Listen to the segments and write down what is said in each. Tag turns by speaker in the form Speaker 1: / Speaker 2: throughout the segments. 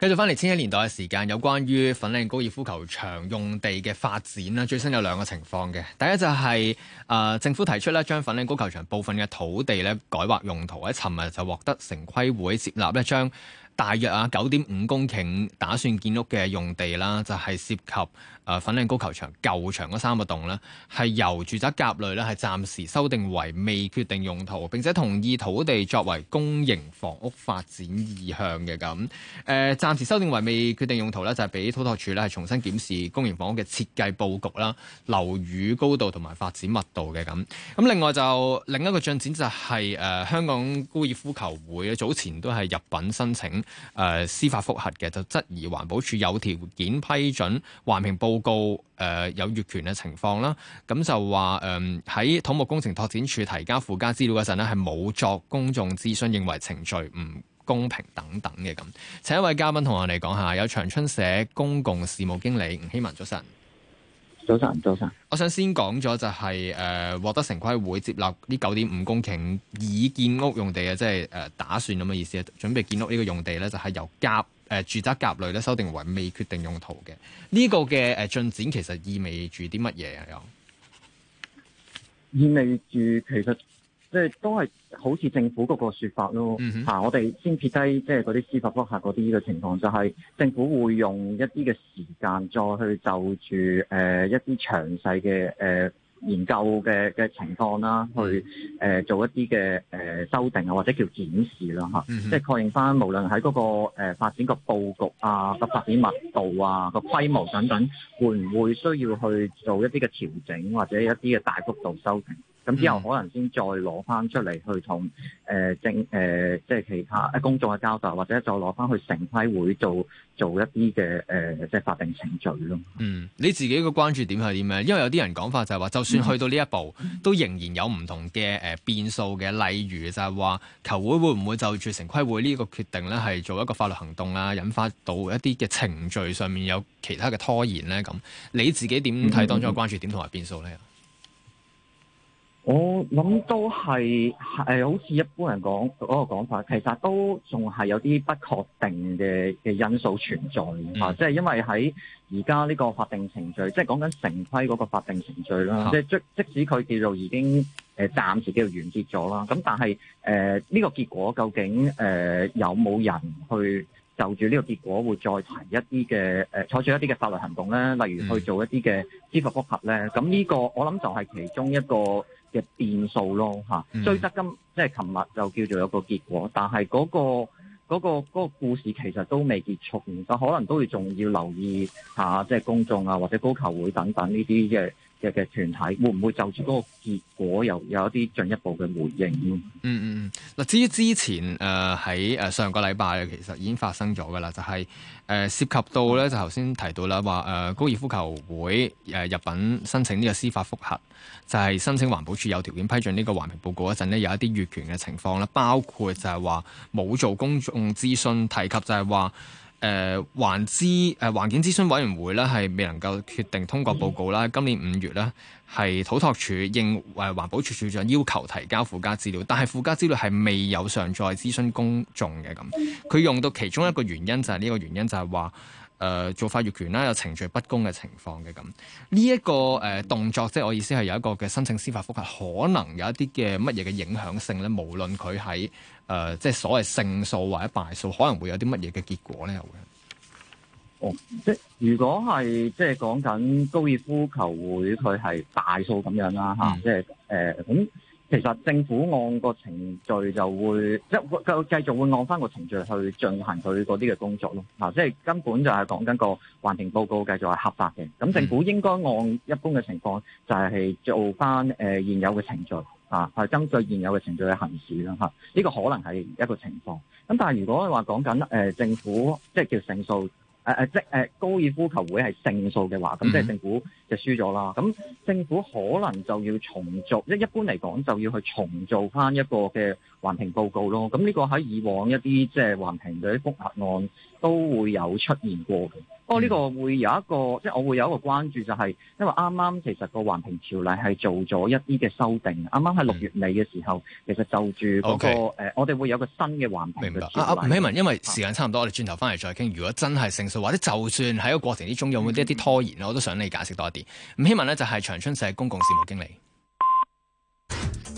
Speaker 1: 繼續翻嚟千禧年代嘅時間，有關於粉嶺高爾夫球場用地嘅發展啦。最新有兩個情況嘅，第一就係、是、誒、呃、政府提出咧，將粉嶺高球場部分嘅土地咧，改劃用途，喺尋日就獲得城規會接納一張。大約啊九點五公頃，打算建屋嘅用地啦，就係、是、涉及誒粉嶺高球場舊場嗰三個洞啦。係由住宅甲類呢係暫時修訂為未決定用途，並且同意土地作為公營房屋發展意向嘅咁。誒、呃，暫時修訂為未決定用途呢就係俾土拓署呢係重新檢視公營房屋嘅設計佈局啦、樓宇高度同埋發展密度嘅咁。咁、呃、另外就另一個進展就係、是、誒、呃、香港高爾夫球會早前都係入稟申請。誒、呃、司法覆核嘅就質疑環保署有條件批准環評報告誒、呃、有越權嘅情況啦，咁就話誒喺土木工程拓展署提交附加資料嗰陣咧，係冇作公眾諮詢，認為程序唔公平等等嘅咁。請一位嘉賓同我哋講下，有長春社公共事務經理吳希文，早晨。
Speaker 2: 早晨，早
Speaker 1: 晨。我想先講咗就係、是、誒，獲、呃、得城規會接納呢九點五公頃擬建屋用地嘅，即係誒打算咁嘅意思啊，準備建屋呢個用地咧，就係由甲誒、呃、住宅甲類咧修訂為未決定用途嘅。呢、這個嘅誒進展其實意味住啲乜嘢啊？意味
Speaker 2: 住其實。即係都係好似政府嗰個説法咯，嚇、mm hmm. 啊！我哋先撇低即係嗰啲司法覆核嗰啲嘅情況，就係政府會用一啲嘅時間，再去就住誒、呃、一啲詳細嘅誒、呃、研究嘅嘅情況啦，去誒、mm hmm. 呃、做一啲嘅誒修訂啊，或者叫展示啦嚇，即、啊、係、mm hmm. 確認返無論喺嗰、那個誒、呃、發展個佈局啊、個發展密度啊、個規模等等，想想想想會唔會需要去做一啲嘅調整，或者一啲嘅大幅度修訂？咁之後可能先再攞翻出嚟去同誒政誒即係其他誒公眾嘅交代，或者再攞翻去城規會做做一啲嘅誒即係法定程序咯。嗯，
Speaker 1: 你自己個關注點係點樣？因為有啲人講法就係、是、話，就算去到呢一步，嗯、都仍然有唔同嘅誒、呃、變數嘅，例如就係話球會會唔會就住城規會呢個決定咧，係做一個法律行動啊，引發到一啲嘅程序上面有其他嘅拖延咧咁。你自己點睇當中嘅關注點同埋變數咧？嗯嗯嗯
Speaker 2: 我諗都係係，好似一般人講嗰、那個講法，其實都仲係有啲不確定嘅嘅因素存在吓，即係、mm. 啊就是、因為喺而家呢個法定程序，即係講緊成規嗰個法定程序啦，mm. 即係即即使佢叫做已經誒暫時叫完結咗啦，咁但係誒呢個結果究竟誒、呃、有冇人去就住呢個結果會再提一啲嘅誒採取一啲嘅法律行動咧，例如去做一啲嘅司法復核咧，咁、嗯、呢個我諗就係其中一個。嘅變數咯嚇，追得今即係琴日就叫做有個結果，但係嗰個嗰個嗰個故事其實都未結束，就可能都會仲要留意下，啊，即係公眾啊或者高球會等等呢啲嘅。嘅嘅團體會唔會就住嗰個結果又有，有一啲進一步嘅回應？嗯嗯嗯，
Speaker 1: 嗱、嗯，至於之前誒喺誒上個禮拜其實已經發生咗㗎喇，就係、是、誒、呃、涉及到咧就頭先提到啦，話、呃、誒高爾夫球會誒、呃、入稟申請呢個司法覆核，就係、是、申請環保署有條件批准呢個環評報告嗰陣呢有一啲越權嘅情況啦，包括就係話冇做公眾諮詢提及，就係話。誒、呃、環資誒、呃、環境諮詢委員會咧係未能夠決定通過報告啦，嗯、今年五月咧係土拓署應誒環保署署長要求提交附加資料，但係附加資料係未有上載諮詢公眾嘅咁，佢用到其中一個原因就係呢個原因就係話。誒、呃、做法越權啦，有、呃、程序不公嘅情況嘅咁，呢一、這個誒、呃、動作，即係我意思係有一個嘅申請司法覆核，可能有一啲嘅乜嘢嘅影響性咧，無論佢喺誒即係所謂勝訴或者敗訴，可能會有啲乜嘢嘅結果咧，會。哦，
Speaker 2: 即係如果係即係講緊高爾夫球會，佢係敗訴咁樣啦嚇，即係誒咁。呃其實政府按個程序就會即係繼續會按翻個程序去進行佢嗰啲嘅工作咯，啊，即係根本就係講緊個環評報告繼續係合法嘅。咁政府應該按一般嘅情況就係做翻誒、呃、現有嘅程序，啊，係根據現有嘅程序去行使啦，嚇、啊。呢、這個可能係一個情況。咁、啊、但係如果你話講緊誒政府即係叫勝訴。誒誒、呃，即誒、呃、高爾夫球會係勝訴嘅話，咁即係政府就輸咗啦。咁、嗯、政府可能就要重做，即一般嚟講就要去重做翻一個嘅環評報告咯。咁呢個喺以往一啲即係環評嘅一啲複核案，都會有出現過嘅，不過呢個會有一個，嗯、即係我會有一個關注就係、是，因為啱啱其實個環評條例係做咗一啲嘅修訂，啱啱喺六月尾嘅時候，嗯、其實就住嗰、那個白、
Speaker 1: 呃、我哋會有個新嘅環評唔，明白啊，吳希文，因為時間差唔多，我哋轉頭翻嚟再傾。如果真係勝訴，或者就算喺個過程之中有冇啲一啲拖延、嗯、我都想你解釋多啲。吳希文呢，就係長春社公共事務經理。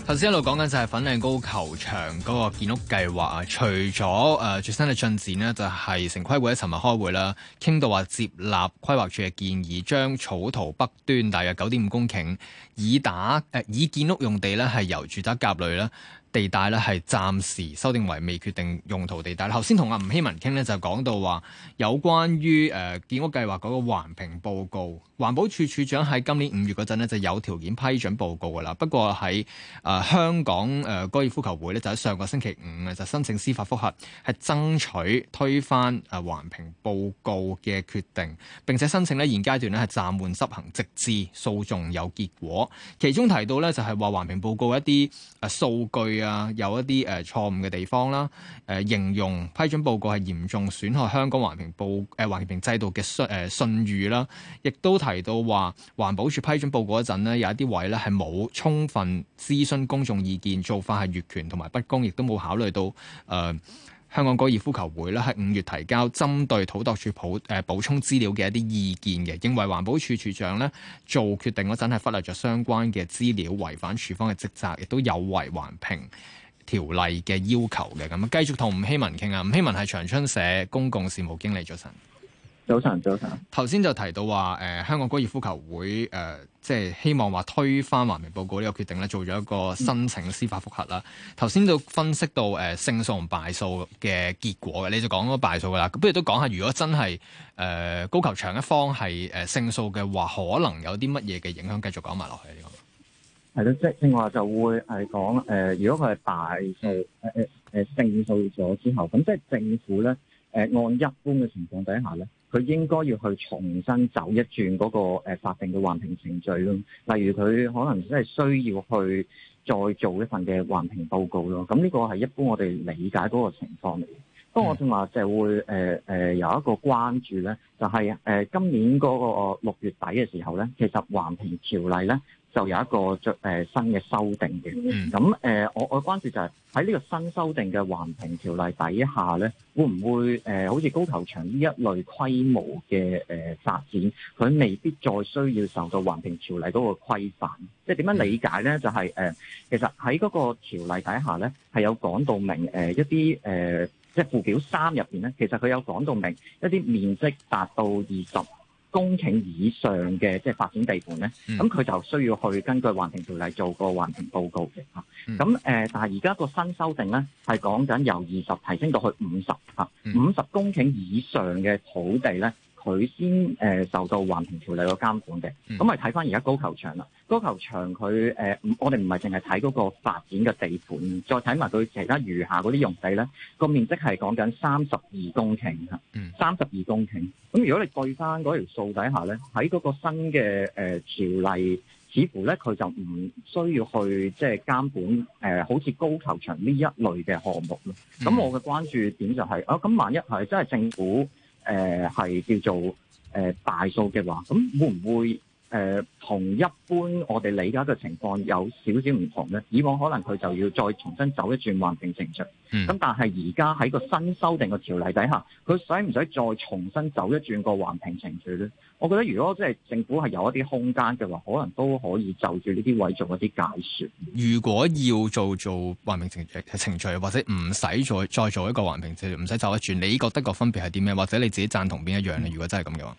Speaker 1: 頭先一路講緊就係粉嶺高球場嗰個建屋計劃啊，除咗誒、呃、最新嘅進展呢就係城規會喺尋日開會啦，傾到話接納規劃處嘅建議，將草圖北端大約九點五公頃以打誒、呃、以建屋用地呢係由住宅甲類啦。地帶咧係暫時修訂為未決定用途地帶。頭先同阿吳希文傾咧，就講到話有關於誒建屋計劃嗰個環評報告，環保署署長喺今年五月嗰陣咧就有條件批准報告㗎啦。不過喺誒香港誒高爾夫球會呢，就喺上個星期五呢，就申請司法覆核，係爭取推翻誒環評報告嘅決定，並且申請呢現階段呢，係暫緩執行，直至訴訟有結果。其中提到呢，就係話環評報告一啲誒數據。啊，有一啲誒、呃、錯誤嘅地方啦，誒、呃、形容批准報告係嚴重損害香港環評報誒環評制度嘅、呃、信誒信譽啦，亦都提到話環保署批准報告嗰陣呢，有一啲位呢係冇充分諮詢公眾意見，做法係越權同埋不公，亦都冇考慮到誒。呃香港高爾夫球會咧喺五月提交針對土地署補誒、呃、補充資料嘅一啲意見嘅，認為環保署署長咧做決定嗰陣係忽略咗相關嘅資料，違反署方嘅職責，亦都有違環評條例嘅要求嘅。咁啊，繼續同吳希文傾啊，吳希文係長春社公共事務經理，早晨。
Speaker 2: 早晨，
Speaker 1: 早晨。頭先就提到話，誒、呃，香港高爾夫球會誒、呃，即係希望話推翻《華明報告》呢個決定咧，做咗一個申請司法複核啦。頭先、嗯、就分析到，誒、呃，勝訴同敗訴嘅結果嘅，你就講咗敗訴噶啦。不如都講下，如果真係誒、呃、高球場一方係誒勝訴嘅話，可能有啲乜嘢嘅影響？繼續講埋落去。呢個係咯，即
Speaker 2: 係正話就會係講，誒、呃，如果佢係敗訴，誒誒誒勝訴咗之後，咁即係政府咧，誒按一般嘅情況底下咧。佢應該要去重新走一轉嗰個法定嘅環評程序咯，例如佢可能真係需要去再做一份嘅環評報告咯。咁、這、呢個係一般我哋理解嗰個情況嚟。不過我仲話就係會誒有一個關注咧，就係、是、誒今年嗰個六月底嘅時候咧，其實環評條例咧。就有一個最誒新嘅修訂嘅，咁誒、嗯呃、我我關注就係喺呢個新修訂嘅環評條例底下咧，會唔會誒、呃、好似高球場呢一類規模嘅誒、呃、發展，佢未必再需要受到環評條例嗰個規範？即係點樣理解咧？嗯、就係、是、誒、呃，其實喺嗰個條例底下咧，係有講到明誒一啲誒，即係附表三入邊咧，其實佢有講到明一啲面積達到二十公頃以上嘅即係發展地盤咧，咁佢、嗯、就需要去根據環評條例做個環評報告嘅嚇。咁誒、嗯，但係而家個新修訂咧，係講緊由二十提升到去五十嚇。五十公頃以上嘅土地咧。佢先誒、呃、受到環評條例嘅監管嘅，咁咪睇翻而家高球場啦。高球場佢誒、呃，我哋唔係淨係睇嗰個發展嘅地盤，再睇埋佢其他餘下嗰啲用地咧。個面積係講緊三十二公頃嚇，三十二公頃。咁、嗯、如果你對翻嗰條數底下咧，喺嗰個新嘅誒條例，似乎咧佢就唔需要去即係監管誒、呃，好似高球場呢一類嘅項目咯。咁我嘅關注點就係、是、啊，咁、呃、萬一係真係政府。誒、係、呃、叫做誒、呃、大數嘅話，咁會唔會？誒、呃、同一般我哋理解嘅情況有少少唔同咧，以往可能佢就要再重新走一轉環評程序，咁、嗯、但係而家喺個新修訂嘅條例底下，佢使唔使再重新走一轉個環評程序咧？我覺得如果即係政府係有一啲空間嘅話，可能都可以就住呢啲位做一啲解説。
Speaker 1: 如果要做做環評程序嘅程序，或者唔使再再做一個環評程序，唔使走一轉，你覺得個分別係啲咩？或者你自己贊同邊一樣咧？嗯、如果真係咁嘅話？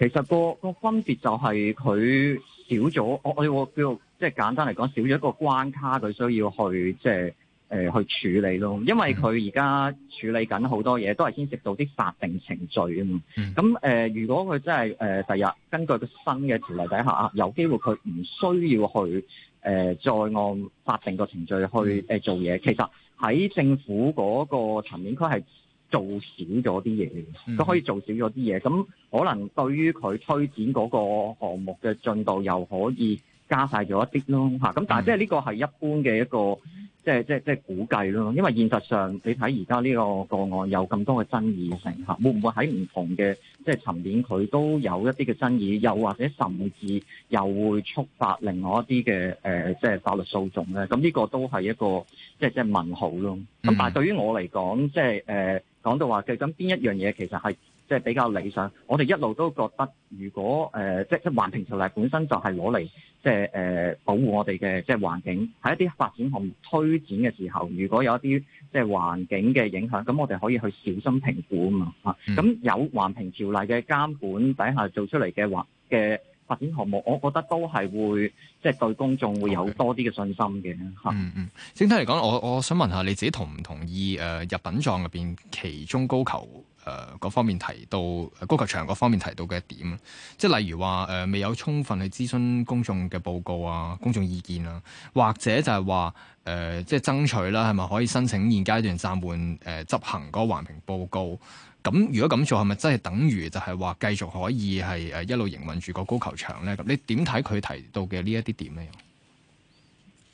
Speaker 2: 其實個個分別就係佢少咗，我我叫我即係簡單嚟講，少咗一個關卡，佢需要去即係誒去處理咯。因為佢而家處理緊好多嘢，都係牽涉到啲法定程序啊嘛。咁誒、嗯呃，如果佢真係誒第日根據個新嘅條例底下啊，有機會佢唔需要去誒再、呃、按法定個程序去誒、嗯呃、做嘢。其實喺政府嗰個層面，佢係，做少咗啲嘢，都可以做少咗啲嘢，咁可能對於佢推展嗰個項目嘅進度又可以加快咗一啲咯，嚇！咁但係即係呢個係一般嘅一個。即係即係即係估計咯，因為現實上你睇而家呢個個案有咁多嘅爭議性嚇，會唔會喺唔同嘅即係層面佢都有一啲嘅爭議，又或者甚至又會觸發另外一啲嘅誒即係法律訴訟咧？咁、這、呢個都係一個即係即係問號咯。咁但係對於我嚟講，即係誒講到話嘅，咁究竟邊一樣嘢其實係。即係比較理想，我哋一路都覺得，如果誒、呃，即係即係環評條例本身就係攞嚟，即係誒、呃、保護我哋嘅即係環境。喺一啲發展項目推展嘅時候，如果有一啲即係環境嘅影響，咁我哋可以去小心評估啊嘛嚇。咁、嗯、有環評條例嘅監管底下做出嚟嘅環嘅發展項目，我覺得都係會即係對公眾會有多啲嘅信心嘅嚇、
Speaker 1: 嗯。嗯嗯，整體嚟講，我我想問下你自己同唔同意誒、呃、入稟狀入邊其中高球？誒，各、呃、方面提到高球場嗰方面提到嘅一點，即係例如話誒、呃、未有充分去諮詢公眾嘅報告啊，公眾意見啊，或者就係話誒即係爭取啦，係咪可以申請現階段暫緩誒執行個環評報告？咁如果咁做，係咪真係等於就係話繼續可以係誒一路營運住個高球場咧？咁你點睇佢提到嘅呢一啲點咧？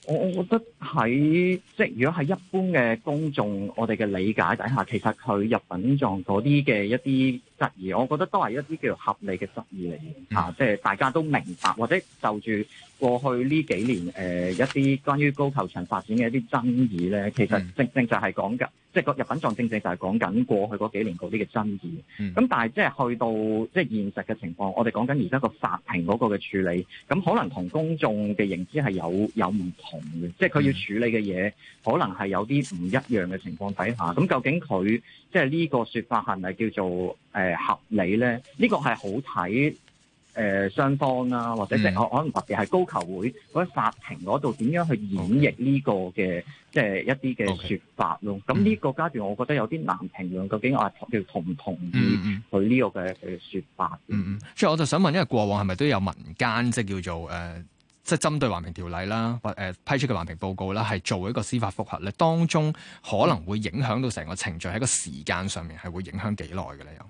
Speaker 2: 我我覺得喺即係如果係一般嘅公眾，我哋嘅理解底下，其實佢入品狀嗰啲嘅一啲質疑，我覺得都係一啲叫做合理嘅質疑嚟嘅嚇，即係大家都明白，或者就住過去呢幾年誒、呃、一啲關於高球場發展嘅一啲爭議咧，其實正正就係講緊，嗯、即係個入稟狀正正就係講緊過去嗰幾年嗰啲嘅爭議。咁、嗯、但係即係去到即係現實嘅情況，我哋講緊而家個法庭嗰個嘅處理，咁可能同公眾嘅認知係有有唔同嘅，嗯、即係佢要處理嘅嘢可能係有啲唔一樣嘅情況底下，咁究竟佢即係呢個説法係咪叫做誒？呃誒，合理咧？呢、這個係好睇誒，雙、呃、方啦、啊，或者即係可能特別係高球會嗰啲法庭嗰度，點樣去演繹呢個嘅，即係一啲嘅說法咯。咁呢、嗯、個階段，我覺得有啲難評論，究竟我係叫同唔同意佢呢個嘅說法？嗯
Speaker 1: 嗯，所以我就想問，因為過往係咪都有民間即係叫做誒、呃，即係針對環評條例啦，或、呃、誒批出嘅環評報告啦，係做一個司法覆核咧，當中可能會影響到成個程序喺個時間上面係會影響幾耐嘅咧？又？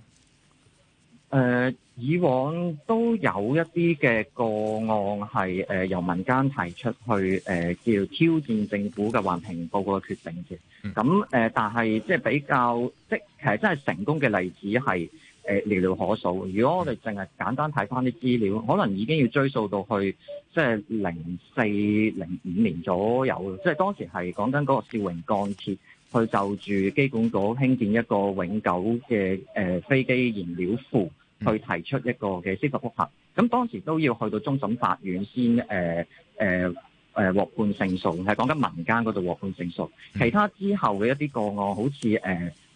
Speaker 2: 誒、呃、以往都有一啲嘅個案係誒、呃、由民間提出去誒、呃、叫挑戰政府嘅環評報告嘅決定嘅，咁誒、呃、但係即係比較即係其實真係成功嘅例子係誒、呃、寥寥可數。如果我哋淨係簡單睇翻啲資料，可能已經要追溯到去即係零四零五年左右，即係當時係講緊嗰個紹榮鋼鐵去就住機管局興建一個永久嘅誒、呃、飛機燃料庫。去提出一個嘅司法覆核，咁當時都要去到終審法院先，誒誒誒獲判勝訴，係講緊民間嗰度獲判勝訴。其他之後嘅一啲個案，好似誒，譬、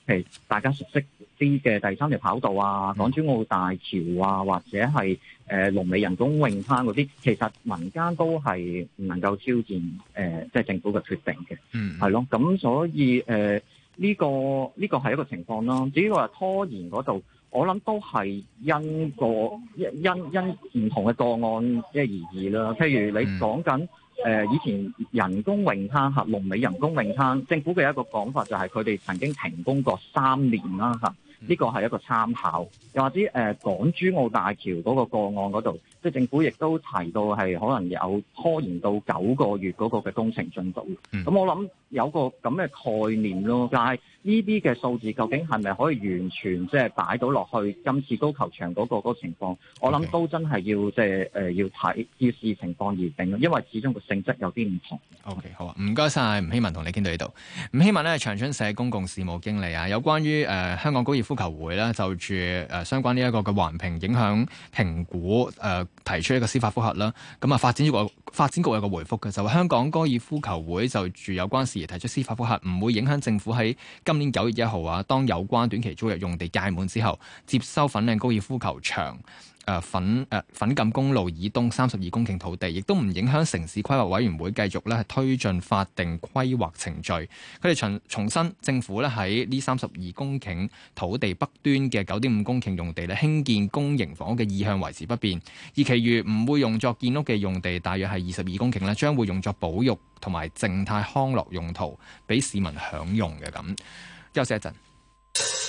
Speaker 2: 呃、如大家熟悉啲嘅第三條跑道啊、港珠澳大橋啊，或者係誒、呃、龍尾人工泳灘嗰啲，其實民間都係唔能夠挑戰誒，即、呃、係、就是、政府嘅決定嘅，嗯，係咯。咁所以誒，呢、呃這個呢個係一個情況咯。至於話拖延嗰度。我諗都係因個因因唔同嘅個案即係而異啦。譬如你講緊誒以前人工泳灘吓，龍尾人工泳灘，政府嘅一個講法就係佢哋曾經停工過三年啦吓，呢、這個係一個參考，又或者誒港珠澳大橋嗰個個案嗰度。即係政府亦都提到係可能有拖延到九個月嗰個嘅工程進度，咁、嗯、我諗有個咁嘅概念咯。但係呢啲嘅數字究竟係咪可以完全即係擺到落去今次高球場嗰個個情況？我諗都真係要即係誒要
Speaker 1: 睇要視情況而定咯。因為始終個性質有啲唔同。O、okay, K，好啊，唔該晒吳希文，同你傾到呢度。吳希文咧係長春社公共事務經理啊，有關於誒、呃、香港高爾夫球會咧就住誒、呃、相關呢一個嘅環評影響評估誒。呃呃提出一個司法覆核啦，咁啊發展局發展局有個回覆嘅，就話、是、香港高爾夫球會就住有關事宜提出司法覆核，唔會影響政府喺今年九月一號啊，當有關短期租約用地屆滿之後，接收粉嶺高爾夫球場。誒、呃，粉誒、呃，粉錦公路以東三十二公頃土地，亦都唔影響城市規劃委員會繼續咧係推進法定規劃程序。佢哋重重申政府咧喺呢三十二公頃土地北端嘅九點五公頃用地咧興建公營房屋嘅意向維持不變，而其餘唔會用作建屋嘅用地，大約係二十二公頃咧，將會用作保育同埋靜態康樂用途，俾市民享用嘅咁。休息一陣。